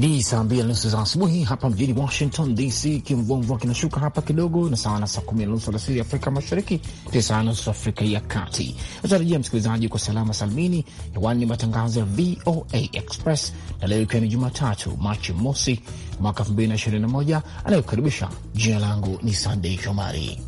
Ni saa mbili na nusu za asubuhi hapa mjini Washington DC, kimvomvua kinashuka hapa kidogo, na sawa na saa kumi na nusu alasiri Afrika Mashariki, tisa na nusu Afrika ya Kati. Natarajia msikilizaji kwa salama salmini. Hewani ni matangazo ya VOA Express, na leo ikiwa ni Jumatatu Machi mosi mwaka 221 anayokaribisha jina langu ni Sandei Shomari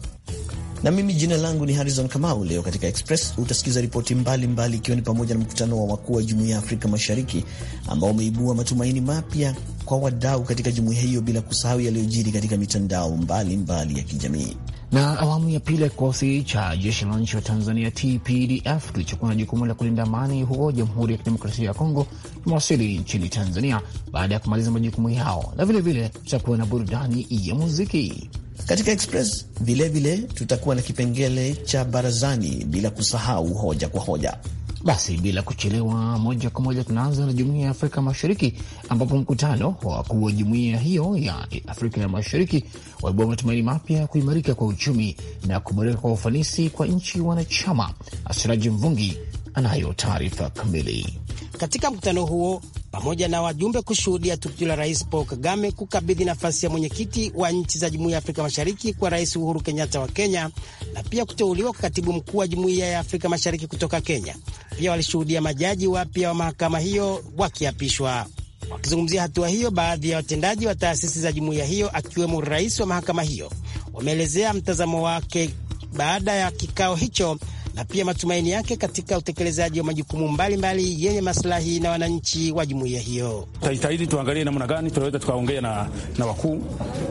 na mimi jina langu ni Harrison Kamau. Leo katika Express utasikiza ripoti mbalimbali, ikiwa ni pamoja na mkutano wa wakuu wa jumuiya ya Afrika Mashariki ambao umeibua matumaini mapya kwa wadau katika jumuiya hiyo, bila kusahau yaliyojiri katika mitandao mbalimbali mbali ya kijamii. Na awamu ya pili ya kikosi cha jeshi la nchi wa Tanzania TPDF kilichokuwa na jukumu la kulinda amani huko Jamhuri ya Kidemokrasia ya Kongo kimewasili nchini Tanzania baada ya kumaliza majukumu yao, na vilevile tutakuwa na burudani ya muziki. Katika Express vilevile tutakuwa na kipengele cha barazani, bila kusahau hoja kwa hoja. Basi bila kuchelewa, moja kwa moja tunaanza na Jumuiya ya Afrika Mashariki, ambapo mkutano wa wakuu wa jumuiya hiyo ya Afrika ya Mashariki waibua matumaini mapya ya kuimarika kwa uchumi na kuboreka kwa ufanisi kwa nchi wanachama. Asiraji Mvungi anayo taarifa kamili. Katika mkutano huo pamoja na wajumbe kushuhudia tukio la Rais Paul Kagame kukabidhi nafasi ya mwenyekiti wa nchi za Jumuiya ya Afrika Mashariki kwa Rais Uhuru Kenyatta wa Kenya na pia kuteuliwa kwa katibu mkuu wa Jumuiya ya Afrika Mashariki kutoka Kenya. Pia walishuhudia majaji wapya wa mahakama hiyo wakiapishwa. Wakizungumzia hatua hiyo, baadhi ya watendaji wa taasisi za jumuiya hiyo akiwemo rais wa mahakama hiyo wameelezea mtazamo wake baada ya kikao hicho na pia matumaini yake katika utekelezaji wa majukumu mbalimbali yenye maslahi na wananchi wa jumuiya hiyo. Tutajitahidi tuangalie namna gani tunaweza tukaongea na, na wakuu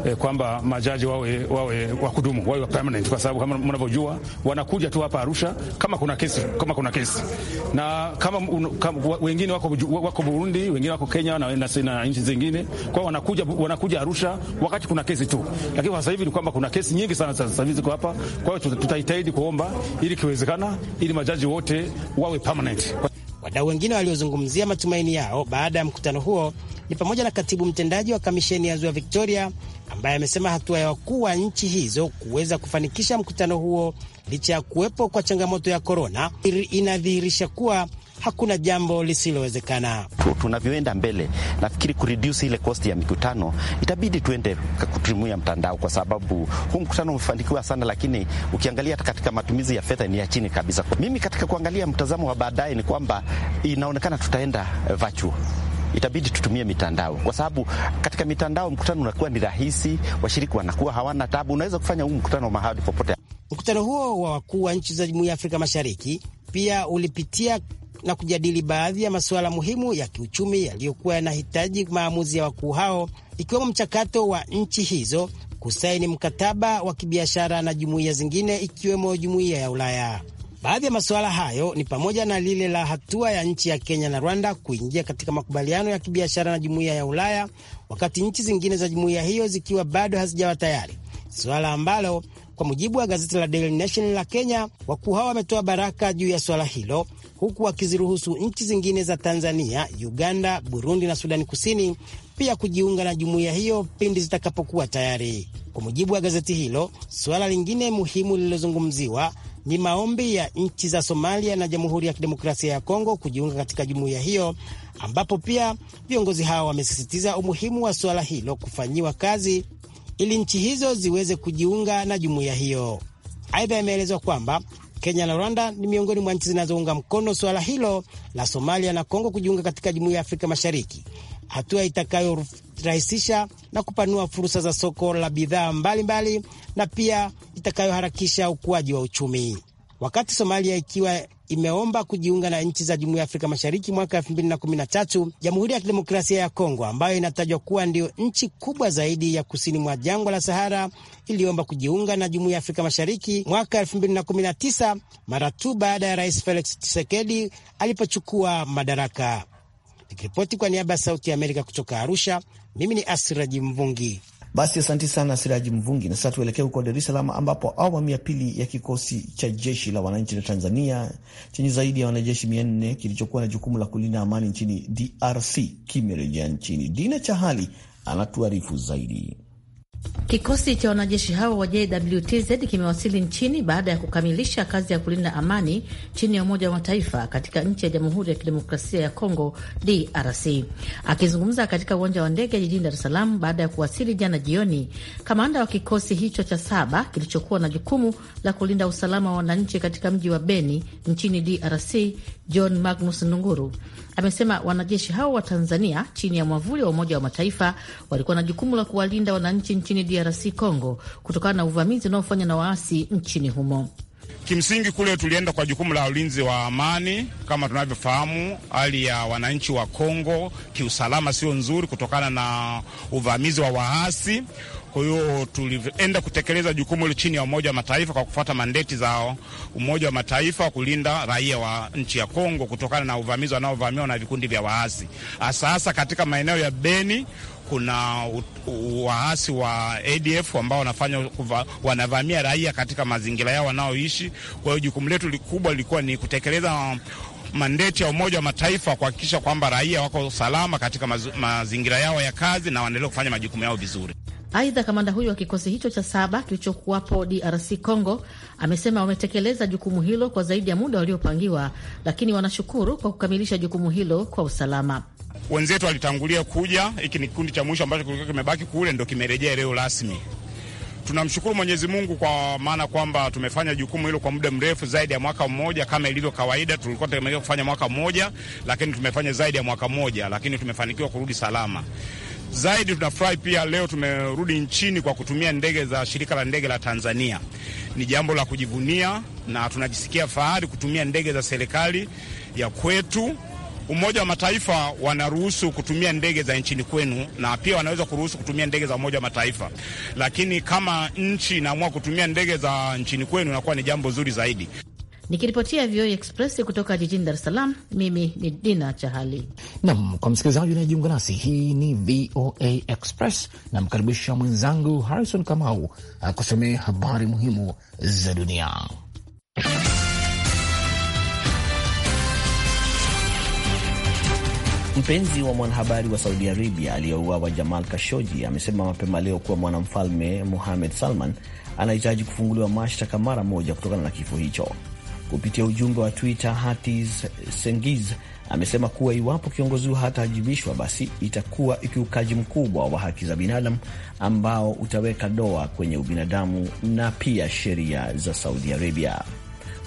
eh, kwamba majaji wawe wawe wa kudumu wawe wa permanent, kwa sababu kama mnavyojua wanakuja tu hapa Arusha kama kuna kesi kama kuna kesi na kama, un, kama wengine wako, wako Burundi wengine wako Kenya na, na, na nchi zingine kwao wanakuja, wanakuja Arusha wakati kuna kesi tu, lakini kwa sasa hivi ni kwamba kuna kesi nyingi sana sasa hivi ziko hapa. Kwa hiyo tutajitahidi kuomba ili kiwezekana kupatikana ili majaji wote wawe permanent. Wadau wengine waliozungumzia matumaini yao baada ya mkutano huo ni pamoja na katibu mtendaji wa kamisheni ya ziwa Victoria ambaye amesema hatua ya wakuu wa nchi hizo kuweza kufanikisha mkutano huo licha ya kuwepo kwa changamoto ya korona inadhihirisha kuwa hakuna jambo lisilowezekana. Tunavyoenda mbele, nafikiri kureduce ile kosti ya mikutano, itabidi tuende kutumia mtandao, kwa sababu huu mkutano umefanikiwa sana, lakini ukiangalia hata katika matumizi ya fedha ni ya chini kabisa. Mimi katika kuangalia mtazamo wa baadaye ni kwamba inaonekana tutaenda eh, virtual itabidi tutumie mitandao kwa sababu katika mitandao mkutano unakuwa ni rahisi, washiriki wanakuwa hawana tabu, unaweza kufanya huu mkutano mahali popote. Mkutano huo wa wakuu wa nchi za Jumuiya ya Afrika Mashariki pia ulipitia na kujadili baadhi ya masuala muhimu ya kiuchumi yaliyokuwa yanahitaji maamuzi ya wakuu hao, ikiwemo mchakato wa nchi hizo kusaini mkataba wa kibiashara na jumuiya zingine ikiwemo jumuiya ya Ulaya. Baadhi ya masuala hayo ni pamoja na lile la hatua ya nchi ya Kenya na Rwanda kuingia katika makubaliano ya kibiashara na jumuiya ya Ulaya, wakati nchi zingine za jumuiya hiyo zikiwa bado hazijawa tayari, suala ambalo kwa mujibu wa gazeti la Daily Nation la Kenya, wakuu hao wametoa baraka juu ya swala hilo huku wakiziruhusu nchi zingine za Tanzania, Uganda, Burundi na Sudani Kusini pia kujiunga na jumuiya hiyo pindi zitakapokuwa tayari. Kwa mujibu wa gazeti hilo, suala lingine muhimu lililozungumziwa ni maombi ya nchi za Somalia na Jamhuri ya Kidemokrasia ya Kongo kujiunga katika jumuiya hiyo, ambapo pia viongozi hao wamesisitiza umuhimu wa suala hilo kufanyiwa kazi ili nchi hizo ziweze kujiunga na jumuiya hiyo. Aidha, imeelezwa kwamba Kenya na Rwanda ni miongoni mwa nchi zinazounga mkono suala hilo la Somalia na Kongo kujiunga katika Jumuiya ya Afrika Mashariki, hatua itakayorahisisha na kupanua fursa za soko la bidhaa mbalimbali na pia itakayoharakisha ukuaji wa uchumi wakati Somalia ikiwa imeomba kujiunga na nchi za jumuiya ya Afrika Mashariki mwaka elfu mbili na kumi na tatu. Jamhuri ya Kidemokrasia ya Kongo, ambayo inatajwa kuwa ndio nchi kubwa zaidi ya kusini mwa jangwa la Sahara, iliomba kujiunga na jumuiya ya Afrika Mashariki mwaka elfu mbili na kumi na tisa mara tu baada ya Rais Felix Tshisekedi alipochukua madaraka. Nikiripoti kwa niaba ya Sauti ya Amerika kutoka Arusha, mimi ni Asiraji Mvungi. Basi asanti sana Siraji Mvungi, na sasa tuelekee huko Dar es Salaam ambapo awamu ya pili ya kikosi cha jeshi la wananchi la Tanzania chenye zaidi ya wanajeshi mia nne kilichokuwa na jukumu la kulinda amani nchini DRC kimerejea nchini. Dina Chahali anatuarifu zaidi. Kikosi cha wanajeshi hao wa JWTZ kimewasili nchini baada ya kukamilisha kazi ya kulinda amani chini ya Umoja wa Mataifa katika nchi ya Jamhuri ya Kidemokrasia ya Kongo, DRC. Akizungumza katika uwanja wa ndege jijini Dar es Salaam baada ya kuwasili jana jioni, kamanda wa kikosi hicho cha saba kilichokuwa na jukumu la kulinda usalama wa wananchi katika mji wa Beni nchini DRC, John Magnus Ndunguru Amesema wanajeshi hao wa Tanzania chini ya mwavuli wa Umoja wa Mataifa walikuwa na jukumu la kuwalinda wananchi nchini DRC Congo kutokana na uvamizi unaofanywa na waasi nchini humo. Kimsingi kule tulienda kwa jukumu la ulinzi wa amani. Kama tunavyofahamu, hali ya wananchi wa Kongo kiusalama sio nzuri kutokana na uvamizi wa waasi. Kwa hiyo kutekeleza jukumu hili chini ya Umoja wa Mataifa kwa kufuata mandeti za Umoja wa Mataifa kulinda raia wa nchi ya Kongo kutokana na uvamizi wanaovamiwa na vikundi vya waasi, hasa hasa katika maeneo ya Beni kuna waasi wa ADF ambao wanafanya wanavamia raia katika mazingira yao wanaoishi. Kwa hiyo jukumu letu likubwa lilikuwa ni kutekeleza mandeti ya Umoja wa Mataifa kuhakikisha kwamba raia wako salama katika mazingira yao ya kazi na waendelee kufanya majukumu yao vizuri. Aidha, kamanda huyo wa kikosi hicho cha saba kilichokuwapo DRC Congo amesema wametekeleza jukumu hilo kwa zaidi ya muda waliopangiwa, lakini wanashukuru kwa kukamilisha jukumu hilo kwa usalama. Wenzetu walitangulia kuja, hiki ni kikundi cha mwisho ambacho kilikuwa kimebaki kule, ndo kimerejea leo rasmi. Tunamshukuru Mwenyezi Mungu kwa maana kwamba tumefanya jukumu hilo kwa muda mrefu zaidi ya mwaka mmoja. Kama ilivyo kawaida, tulikuwa tunategemea kufanya mwaka mmoja, lakini tumefanya zaidi ya mwaka mmoja, lakini tumefanikiwa kurudi salama zaidi. Tunafurahi pia leo tumerudi nchini kwa kutumia ndege za shirika la ndege la Tanzania. Ni jambo la kujivunia na tunajisikia fahari kutumia ndege za serikali ya kwetu Umoja wa Mataifa wanaruhusu kutumia ndege za nchini kwenu na pia wanaweza kuruhusu kutumia ndege za Umoja wa Mataifa, lakini kama nchi inaamua kutumia ndege za nchini kwenu inakuwa ni jambo zuri zaidi. Nikiripotia VOA Express kutoka jijini Dar es Salaam, mimi ni Dina Chahali. Nam, kwa msikilizaji unayejiunga nasi, hii ni VOA Express. Namkaribisha mwenzangu Harrison Kamau akusomea habari muhimu za dunia. Mpenzi wa mwanahabari wa Saudi Arabia aliyeuawa Jamal Kashoji amesema mapema leo kuwa mwanamfalme muhamed Salman anahitaji kufunguliwa mashtaka mara moja kutokana na kifo hicho. Kupitia ujumbe wa Twitter, Hatis Sengiz amesema kuwa iwapo kiongozi huo hataajibishwa, basi itakuwa ukiukaji mkubwa wa haki za binadamu ambao utaweka doa kwenye ubinadamu na pia sheria za Saudi Arabia.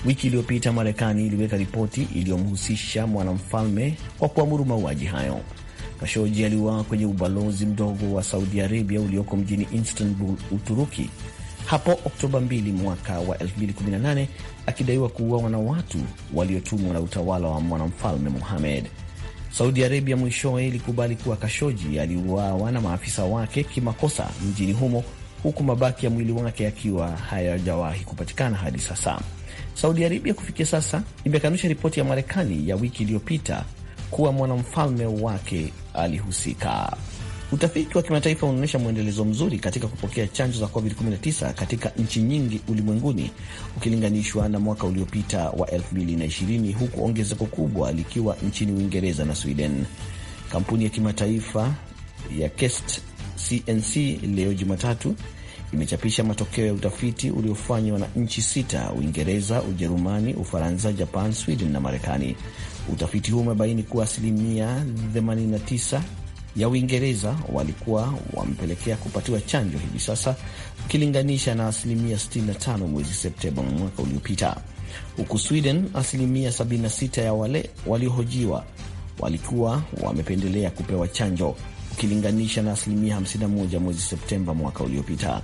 Wiki iliyopita Marekani iliweka ripoti iliyomhusisha mwanamfalme kwa kuamuru mauaji hayo. Kashoji aliuawa kwenye ubalozi mdogo wa Saudi Arabia ulioko mjini Istanbul, Uturuki hapo Oktoba 2 mwaka wa 2018 akidaiwa kuuawa na watu waliotumwa na utawala wa mwanamfalme muhamed Saudi Arabia mwishowe ilikubali kuwa Kashoji aliuawa na maafisa wake kimakosa mjini humo, huku mabaki ya mwili wake yakiwa hayajawahi kupatikana hadi sasa. Saudi Arabia kufikia sasa imekanusha ripoti ya Marekani ya wiki iliyopita kuwa mwanamfalme wake alihusika. Utafiti wa kimataifa unaonyesha mwendelezo mzuri katika kupokea chanjo za COVID-19 katika nchi nyingi ulimwenguni ukilinganishwa na mwaka uliopita wa 2020 huku ongezeko kubwa likiwa nchini Uingereza na Sweden. Kampuni ya kimataifa ya Quest CNC leo Jumatatu imechapisha matokeo ya utafiti uliofanywa na nchi sita: Uingereza, Ujerumani, Ufaransa, Japan, Sweden na Marekani. Utafiti huo umebaini kuwa asilimia 89 ya Uingereza walikuwa wamepelekea kupatiwa chanjo hivi sasa ukilinganisha na asilimia 65 mwezi Septemba mwaka uliopita, huku Sweden asilimia 76 ya wale waliohojiwa walikuwa wamependelea kupewa chanjo ukilinganisha na asilimia 51 mwezi Septemba mwaka uliopita.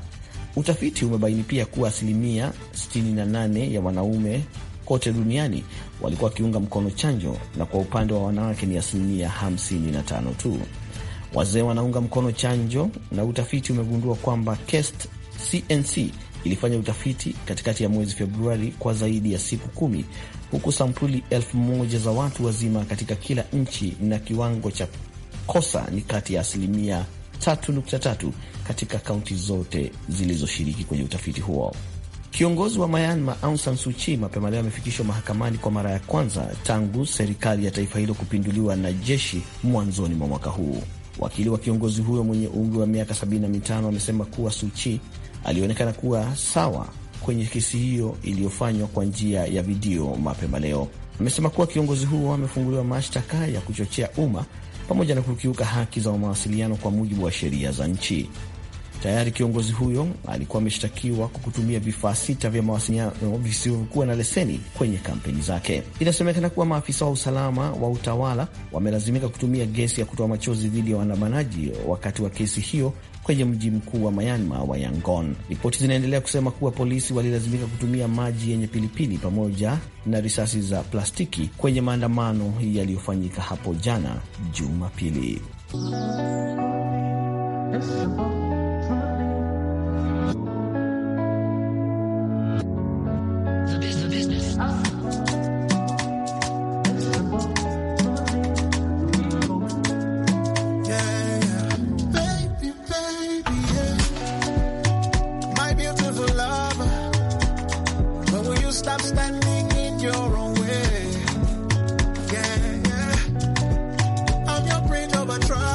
Utafiti umebaini pia kuwa asilimia 68 ya wanaume kote duniani walikuwa wakiunga mkono chanjo na kwa upande wa wanawake ni asilimia 55 tu. Wazee wanaunga mkono chanjo, na utafiti umegundua kwamba KEST CNC ilifanya utafiti katikati ya mwezi Februari kwa zaidi ya siku kumi huku sampuli elfu moja za watu wazima katika kila nchi, na kiwango cha kosa ni kati ya asilimia 3.3 katika kaunti zote zilizoshiriki kwenye utafiti huo. Kiongozi wa Myanmar Aung San Suu Kyi mapema leo amefikishwa mahakamani kwa mara ya kwanza tangu serikali ya taifa hilo kupinduliwa na jeshi mwanzoni mwa mwaka huu. Wakili wa kiongozi huyo mwenye umri wa miaka 75 amesema kuwa Suu Kyi alionekana kuwa sawa kwenye kesi hiyo iliyofanywa kwa njia ya video mapema leo. Amesema kuwa kiongozi huo amefunguliwa mashtaka ya kuchochea umma pamoja na kukiuka haki za mawasiliano kwa mujibu wa sheria za nchi. Tayari kiongozi huyo alikuwa ameshtakiwa kwa kutumia vifaa sita vya mawasiliano visivyokuwa na leseni kwenye kampeni zake. Inasemekana kuwa maafisa wa usalama wa utawala wamelazimika kutumia gesi ya kutoa machozi dhidi ya waandamanaji wakati wa kesi hiyo kwenye mji mkuu wa Myanmar wa Yangon. Ripoti zinaendelea kusema kuwa polisi walilazimika kutumia maji yenye pilipili pamoja na risasi za plastiki kwenye maandamano yaliyofanyika hapo jana Jumapili. I try.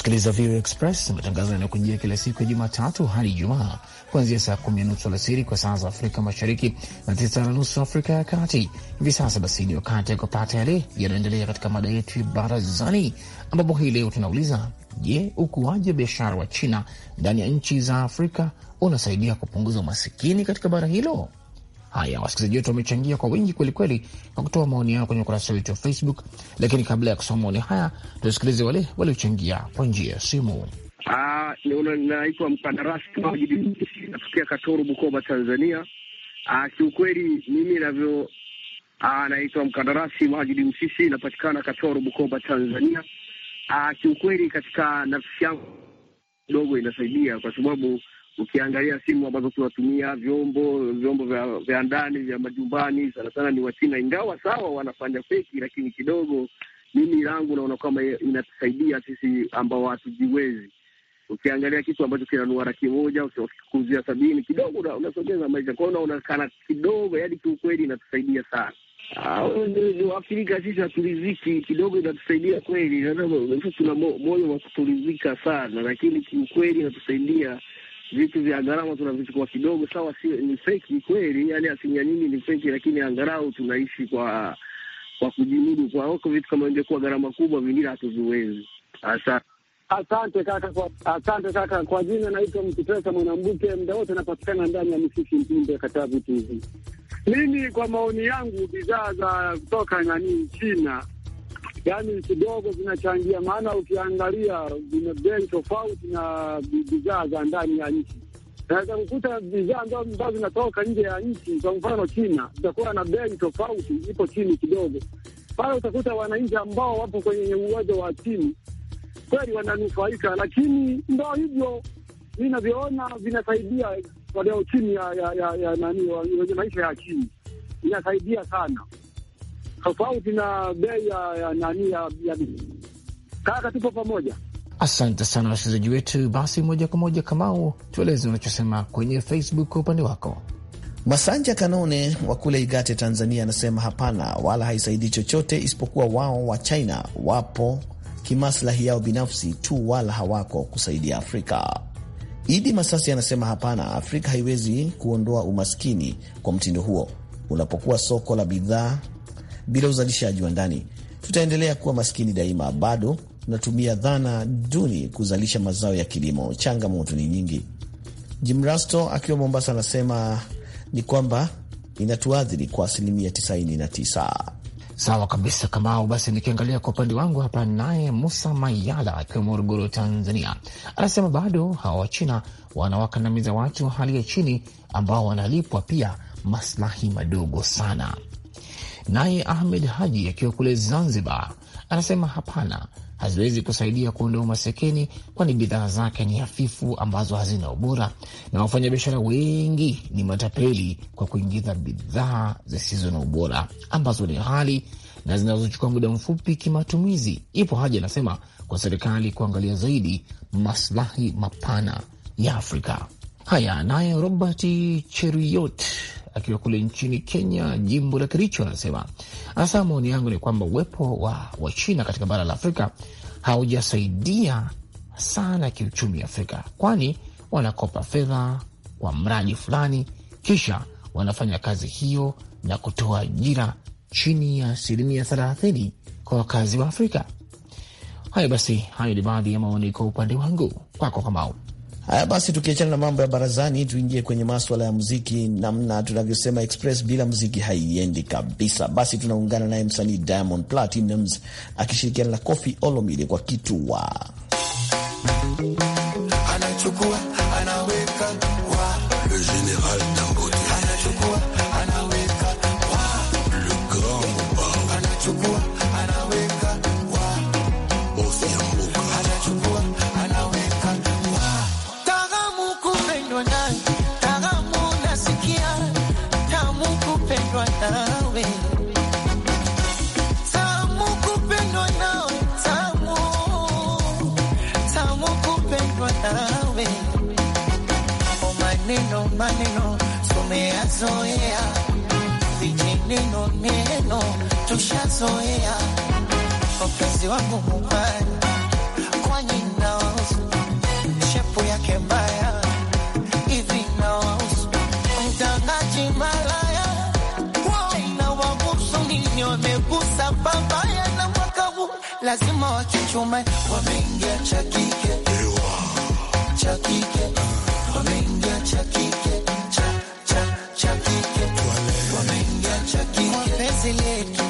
kusikiliza VOA Express, matangazo yanayokujia kila siku ya Jumatatu hadi Ijumaa, kuanzia saa kumi na nusu alasiri kwa saa za Afrika Mashariki na tisa na nusu Afrika ya Kati. Hivi sasa basi ni wakati ya kupata yale yanayoendelea katika mada yetu ya Barazani, ambapo hii leo tunauliza je, ukuaji wa biashara wa China ndani ya nchi za Afrika unasaidia kupunguza umasikini katika bara hilo? Haya, wasikilizaji wetu wamechangia kwa wingi kwelikweli kwa kutoa maoni yao kwenye ukurasa wetu wa Facebook, lakini kabla ya kusoma maoni haya tusikilize wale waliochangia kwa njia ya simu. Ah, naitwa mkandarasi natokea Katoro, Bukoba, Tanzania. Ah, kiukweli mimi navyo, ah, naitwa mkandarasi majidi Msisi, napatikana Katoro, Bukoba, Tanzania. Kiukweli katika nafsi yangu kidogo inasaidia kwa sababu ukiangalia simu ambazo tunatumia, vyombo vyombo vya, vya ndani vya majumbani sana sana ni Wachina, ingawa sawa wanafanya feki, lakini kidogo mimi langu naona kama inatusaidia sisi ambao hatujiwezi. Ukiangalia kitu ambacho kinanua laki moja kuzia sabini kidogo unasogeza maisha kwao, unaonekana kidogo, yaani kiukweli inatusaidia sana. Ah, Waafrika sisi haturiziki kidogo, inatusaidia kweli, tuna moyo wa kuturizika sana, lakini kiukweli inatusaidia vitu vya gharama tunavichukua kidogo, sawa, si ni feki kweli, yani asilimia nyingi ni feki, lakini angalau tunaishi kwa kwa kujimudu. Kwa huko vitu kama ingekuwa gharama kubwa, vingine hatuviwezi. Asante. Asante kaka kwa, asante kaka kwa jina, naitwa Mkipesa Mwanambuke, mda wote anapatikana ndani ya Misisi Mpimbe, kataa vitu hivi. Mimi kwa maoni yangu, bidhaa za kutoka nani China yani kidogo zinachangia, maana ukiangalia vina bei tofauti na bidhaa za ndani ya nchi. Naweza kukuta bidhaa ambazo zinatoka nje ya nchi, kwa mfano China, itakuwa na bei tofauti, ipo chini kidogo pale. Utakuta wananchi ambao wapo kwenye uwezo wa chini kweli wananufaika, lakini ndo hivyo vinavyoona vinasaidia walio chini ya, ya, ya, ya nani wenye maisha ya chini, inasaidia sana tofauti na bei ya nani ya kaka, tupo pamoja. Asante sana wasikilizaji wetu. Basi moja kwa moja, Kamau, tueleze unachosema kwenye Facebook kwa upande wako. Masanja Kanone wa kule Igate, Tanzania, anasema hapana, wala haisaidii chochote isipokuwa wao wa China wapo kimaslahi yao binafsi tu, wala hawako kusaidia Afrika. Idi Masasi anasema hapana, Afrika haiwezi kuondoa umaskini kwa mtindo huo. Unapokuwa soko la bidhaa bila uzalishaji wa ndani, tutaendelea kuwa maskini daima. Bado tunatumia dhana duni kuzalisha mazao ya kilimo. Changamoto ni nyingi. Jim Rasto akiwa Mombasa anasema ni kwamba inatuathiri kwa asilimia 99. Sawa kabisa Kamau. Basi nikiangalia kwa upande wangu hapa, naye Musa Mayala akiwa Morogoro, Tanzania, anasema bado hawa Wachina wanawakandamiza watu wa hali ya chini ambao wanalipwa pia maslahi madogo sana. Naye Ahmed Haji akiwa kule Zanzibar anasema hapana, haziwezi kusaidia kuondoa masekeni kwani bidhaa zake ni hafifu ambazo hazina ubora na wafanyabiashara wengi ni matapeli kwa kuingiza bidhaa zisizo na ubora ambazo ni ghali na zinazochukua muda mfupi kimatumizi. Ipo haja, anasema, kwa serikali kuangalia zaidi maslahi mapana ya Afrika. Haya, naye Robert Cheriot akiwa kule nchini Kenya, jimbo la Kericho, anasema hasa maoni yangu ni kwamba uwepo wa Wachina katika bara la Afrika haujasaidia sana kiuchumi Afrika, kwani wanakopa fedha kwa mradi fulani, kisha wanafanya kazi hiyo na kutoa ajira chini ya asilimia thelathini kwa wakazi wa Afrika. Haya basi, hayo ni baadhi ya maoni kwa upande wangu. Kwako Kamau. Haya basi, tukiachana na mambo ya barazani, tuingie kwenye maswala ya muziki. Namna tunavyosema express bila muziki haiendi kabisa. Basi tunaungana naye msanii Diamond Platnumz akishirikiana na Koffi Olomide kwa Kituwa anachukua nimezoea wapenzi wangu mubaya, kwani nawausu shepu yake mbaya hivi, nawausu mtangaji malaya chaina wagusu nini, wamegusa babaya na mwaka huu lazima wakichume, wameingia cha kike wameingia cha cha cha cha wameingia cha wapenzi letu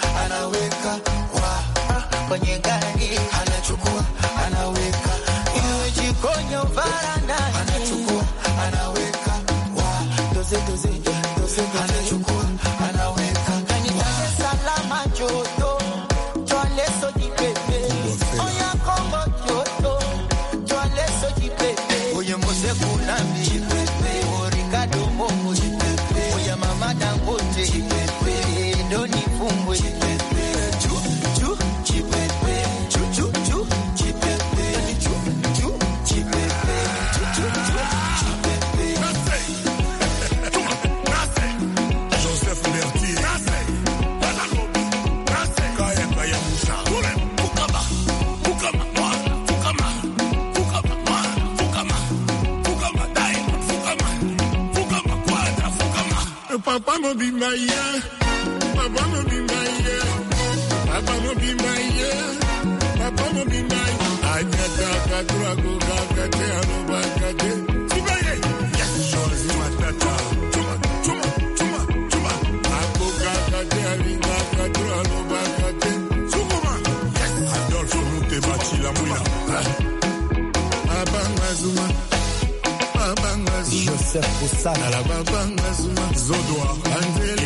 anachukua anaweka wa doze doze doze anachukua I'ma be my yeah. chef osala la babanga zuma zodwa andela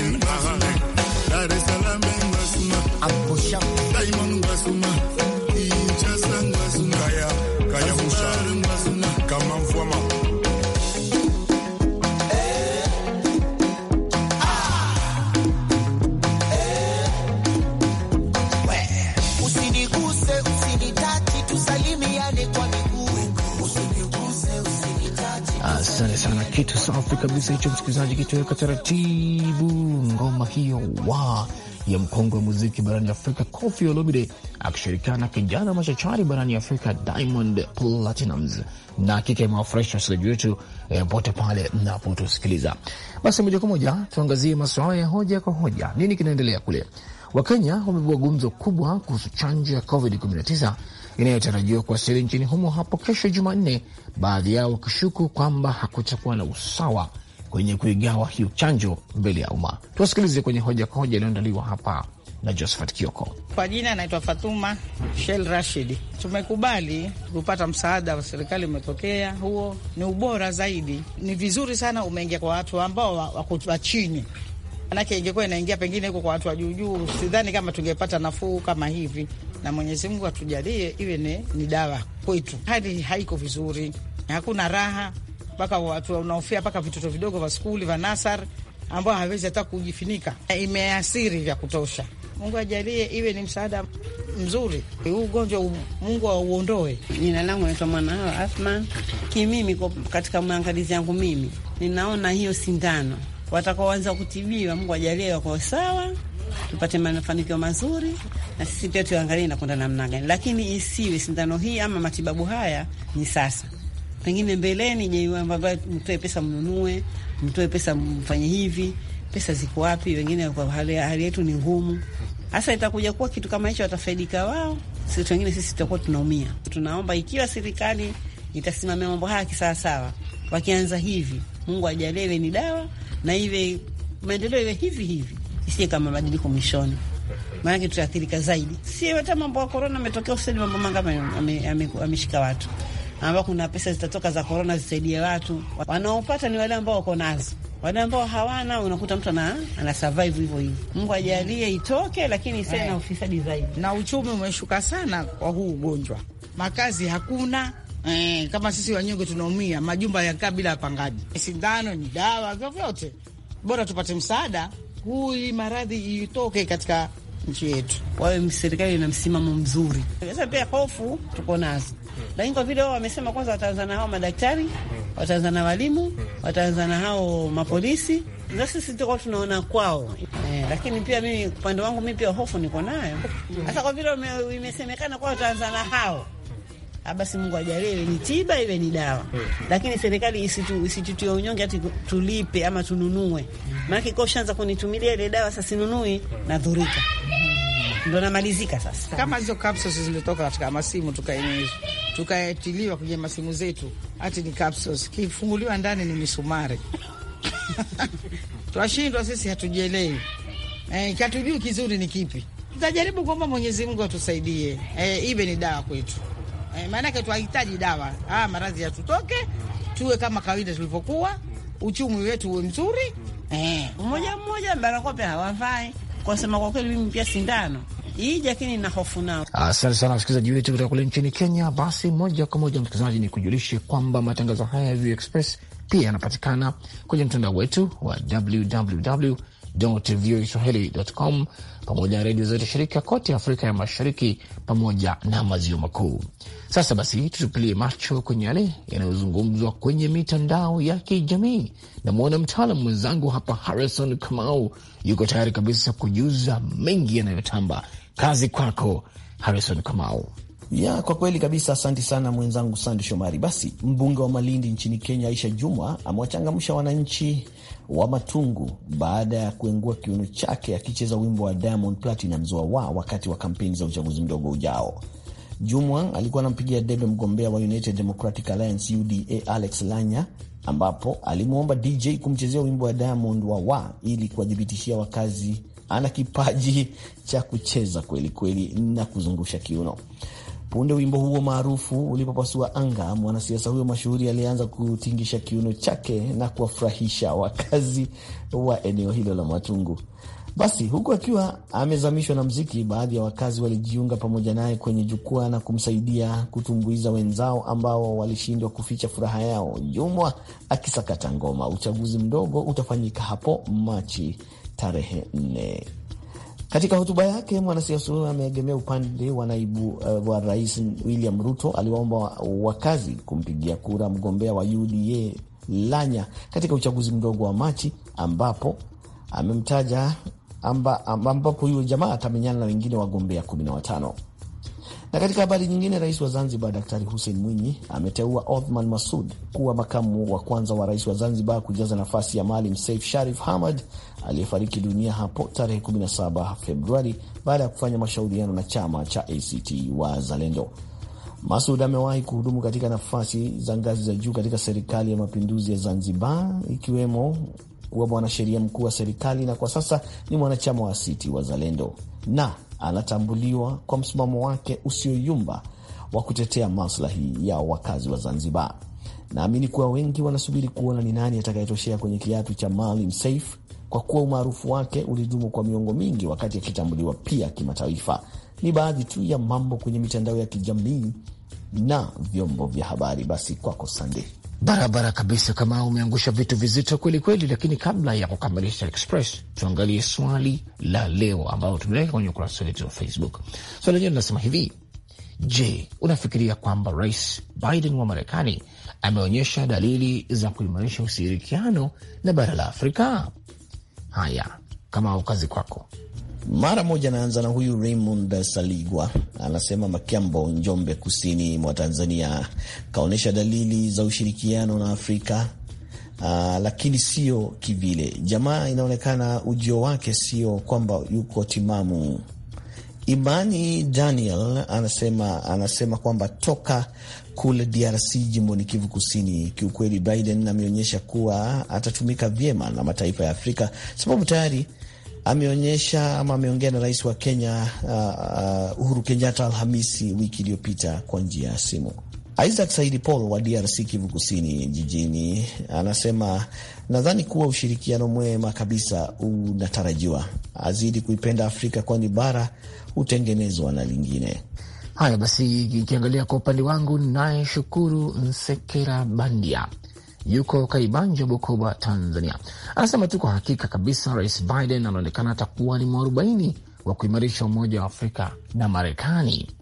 kifupi kabisa hicho, msikilizaji, kitoweka taratibu ngoma hiyo wa ya mkongwe wa muziki barani Afrika Koffi Olomide akishirikiana kijana machachari barani Afrika Diamond platinums na hakika imewafurahisha wasikilizaji wetu eh, pote pale mnapotusikiliza. Basi moja kwa moja tuangazie masuala ya hoja kwa hoja. Nini kinaendelea kule? Wakenya wamebua gumzo kubwa kuhusu chanjo ya COVID-19 inayotarajiwa kuwasili nchini humo hapo kesho Jumanne, baadhi yao wakishuku kwamba hakutakuwa na usawa kwenye kuigawa hiyo chanjo mbele ya umma. Tuwasikilize kwenye hoja kwa hoja iliyoandaliwa hapa na Josephat Kioko. Kwa jina anaitwa Fatuma Shel Rashid. Tumekubali kupata msaada wa serikali umetokea, huo ni ubora zaidi. Ni vizuri sana umeingia kwa watu ambao wa chini, manake ingekuwa inaingia pengine huko kwa watu wa juujuu, sidhani kama tungepata nafuu kama hivi na Mwenyezi Mungu atujalie iwe ni, ni dawa kwetu. Hali haiko vizuri, hakuna raha mpaka watu wanaofia mpaka vitoto vidogo vya skuli vya nasar ambao hawezi hata kujifinika, imeasiri vya kutosha. Mungu ajalie iwe ni msaada mzuri huu ugonjwa, Mungu auondoe. Jina langu naitwa Mwanahawa Athman. Kimimi, katika maangalizi yangu mimi ninaona hiyo sindano watakaoanza kutibiwa, Mungu ajalie wako sawa tupate mafanikio mazuri, na sisi pia tuangalie inakwenda namna gani, lakini isiwe sindano hii ama matibabu haya ni sasa, pengine mbeleni. Je, ambavyo mtoe pesa mnunue, mtoe pesa mfanye hivi, pesa ziko wapi? Wengine kwa hali yetu ni ngumu, hasa itakuja kuwa kitu kama hicho, watafaidika wao, sisi wengine sisi tutakuwa tunaumia. Tunaomba ikiwa serikali itasimamia mambo haya kisawasawa, wakianza hivi, Mungu ajalie ni dawa na iwe maendeleo iwe hivi hivi isiye kama mabadiliko mwishoni, maanake tutaathirika zaidi. Si hata mambo ya korona ametokea useni, mambo mangama ameshika watu ambao kuna pesa zitatoka za korona zisaidie watu. Wanaopata ni wale ambao wako nazo, wale ambao hawana, unakuta mtu ana, survive hivyo hivyo. Mungu ajalie itoke, lakini isiwe na eh. ufisadi zaidi. Na uchumi umeshuka sana kwa huu ugonjwa, makazi hakuna. Eh, kama sisi wanyonge tunaumia, majumba yakaa bila pangaji, sindano ni dawa, vyovyote, bora tupate msaada hii maradhi itoke katika nchi yetu, wawe serikali ina msimamo mzuri. Sasa pia hofu tuko nazo, lakini kwa vile wao wamesema kwanza, wataanzana hao madaktari, wataanzana walimu, wataanzana hao mapolisi, ndio sisi tuko tunaona kwao eh, lakini pia mimi upande wangu mi pia hofu niko nayo. hasa kwa vile imesemekana kwa wataanzana hao basi Mungu ajalie iwe ni tiba iwe ni dawa, hmm. lakini serikali isitutie unyonge ati tulipe ama tununue. Hmm. Maanake kwa kunitumilia ile dawa sasa, sinunui hmm. nadhurika, Ndio namalizika sasa. Kama hizo capsules zilitoka katika masimu tukaenezwa tukaetiliwa kwenye masimu zetu, ati ni capsules, kifunguliwa ndani ni misumari twashindwa sisi, hatujielewi eh, hatujui kizuri ni kipi. Tutajaribu kuomba Mwenyezi Mungu atusaidie, eh, ibe ni dawa kwetu eh, maanake twahitaji dawa haya ah, maradhi yatutoke, tuwe kama kawaida tulivyokuwa, uchumi wetu uwe mzuri eh. Mmoja mmoja barakoa pia hawavai kwa sema kwa kweli, mimi pia sindano lakini na hofu nao. Asante sana msikilizaji wetu kutoka kule nchini Kenya. Basi moja kwa moja, msikilizaji, ni kujulishe kwamba matangazo haya ya View Express pia yanapatikana kwenye mtandao wetu wa www voaswahili.com pamoja na redio zote shirika kote Afrika ya Mashariki pamoja na maziwa makuu. Sasa basi, tutupilie macho kwenye yale yanayozungumzwa kwenye mitandao ya kijamii. Namwona mtaalam mwenzangu hapa Harrison Kamau yuko tayari kabisa kujuza mengi yanayotamba. Kazi kwako Harrison Kamau. Ya, kwa kweli kabisa. Asante sana mwenzangu Sandi Shomari. Basi mbunge wa Malindi nchini Kenya, Aisha Jumwa, amewachangamsha wananchi wa Matungu baada ya kuengua kiuno chake akicheza wimbo wa Diamond Platinumz wa wa wakati wa kampeni za uchaguzi mdogo ujao. Jumwa alikuwa anampigia debe mgombea wa United Democratic Alliance UDA Alex Lanya, ambapo alimwomba DJ kumchezea wimbo wa Diamond wa wa ili kuwadhibitishia wakazi ana kipaji cha kucheza kwelikweli kweli na kuzungusha kiuno. Punde wimbo huo maarufu ulipopasua anga, mwanasiasa huyo mashuhuri alianza kutingisha kiuno chake na kuwafurahisha wakazi wa eneo hilo la Matungu. Basi huku akiwa amezamishwa na mziki, baadhi ya wakazi walijiunga pamoja naye kwenye jukwaa na kumsaidia kutumbuiza wenzao ambao walishindwa kuficha furaha yao. Jumwa akisakata ngoma. Uchaguzi mdogo utafanyika hapo Machi tarehe nne. Katika hotuba yake mwanasiasa huyo ameegemea upande wa naibu uh, wa rais William Ruto. Aliwaomba wakazi kumpigia kura mgombea wa UDA Lanya katika uchaguzi mdogo wa Machi, ambapo amemtaja amba, ambapo huyo jamaa atamenyana na wengine wagombea kumi Na katika habari nyingine, rais wa Zanzibar Daktari Hussein Mwinyi ameteua Othman Masud kuwa makamu wa kwanza wa rais wa Zanzibar kujaza nafasi ya Maalim Saif Sharif Hamad aliyefariki dunia hapo tarehe 17 Februari baada ya kufanya mashauriano na chama cha ACT Wazalendo. Masud amewahi kuhudumu katika nafasi za ngazi za juu katika serikali ya mapinduzi ya Zanzibar, ikiwemo wa mwanasheria mkuu wa serikali, na kwa sasa ni mwanachama wa ACT Wazalendo na anatambuliwa kwa msimamo wake usioyumba wa kutetea maslahi ya wakazi wa Zanzibar. Naamini kuwa wengi wanasubiri kuona ni nani atakayetoshea kwenye kiatu cha Maalim Seif kwa kuwa umaarufu wake ulidumu kwa miongo mingi wakati akitambuliwa pia kimataifa. Ni baadhi tu ya mambo kwenye mitandao ya kijamii na vyombo vya habari. Basi kwako Sande. Barabara kabisa, kama umeangusha vitu vizito kweli kweli. Lakini kabla ya kukamilisha Express, tuangalie swali la leo ambalo tumeweka kwenye ukurasa wetu wa Facebook. Swali lenyewe linasema hivi: Je, unafikiria kwamba Rais Biden wa Marekani ameonyesha dalili za kuimarisha ushirikiano na bara la Afrika? Haya, kama ukazi kwako mara moja anaanza na huyu Raymond Saligwa, anasema makiambo Njombe, kusini mwa Tanzania, kaonyesha dalili za ushirikiano na Afrika. Uh, lakini sio kivile, jamaa inaonekana ujio wake sio kwamba yuko timamu Imani Daniel anasema anasema kwamba toka kule DRC jimboni Kivu Kusini, kiukweli Biden ameonyesha kuwa atatumika vyema na mataifa ya Afrika sababu tayari ameonyesha ama ameongea na rais wa Kenya uh, uh, Uhuru Kenyatta Alhamisi wiki iliyopita kwa njia ya simu. Isaac Saidi Paul wa DRC, Kivu Kusini jijini, anasema nadhani kuwa ushirikiano mwema kabisa unatarajiwa. Azidi kuipenda Afrika, kwani bara hutengenezwa na lingine. Haya basi, ikiangalia kwa upande wangu, naye Shukuru Nsekera Bandia yuko kaibanja Bukoba, Tanzania, anasema tu kwa hakika kabisa Rais Biden anaonekana atakuwa ni mwarobaini wa kuimarisha umoja wa Afrika na Marekani.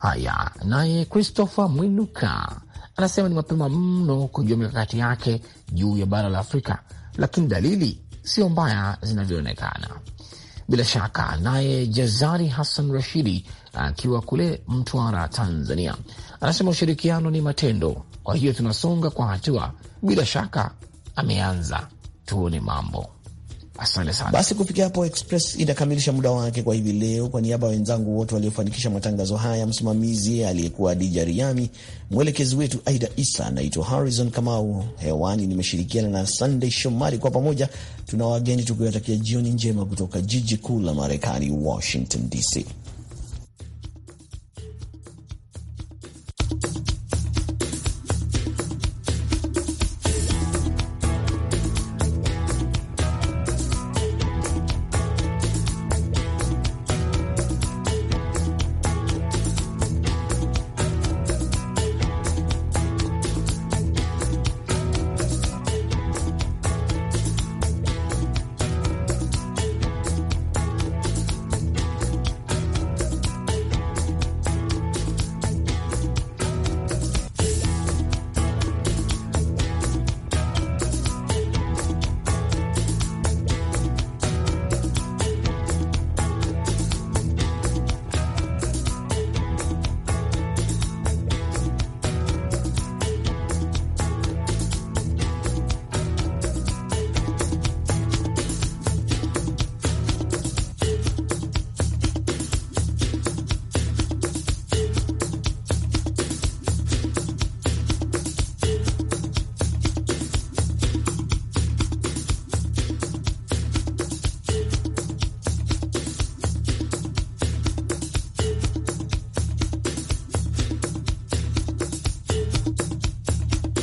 Haya, naye Christopher Mwinuka anasema ni mapema mno kujua mikakati yake juu ya bara la Afrika, lakini dalili sio mbaya zinavyoonekana. Bila shaka, naye Jazari Hassan Rashidi akiwa kule Mtwara, Tanzania, anasema ushirikiano ni matendo, kwa hiyo tunasonga kwa hatua. Bila shaka ameanza, tuone mambo Asante sana. Basi kufikia hapo Express inakamilisha muda wake kwa hivi leo. Kwa niaba ya wenzangu wote waliofanikisha matangazo haya, msimamizi aliyekuwa Dija Riami, mwelekezi wetu Aida Isa, anaitwa Harrison Kamau. Hewani nimeshirikiana na Sunday Shomari, kwa pamoja tuna wageni tukiwatakia jioni njema kutoka jiji kuu la Marekani, Washington DC.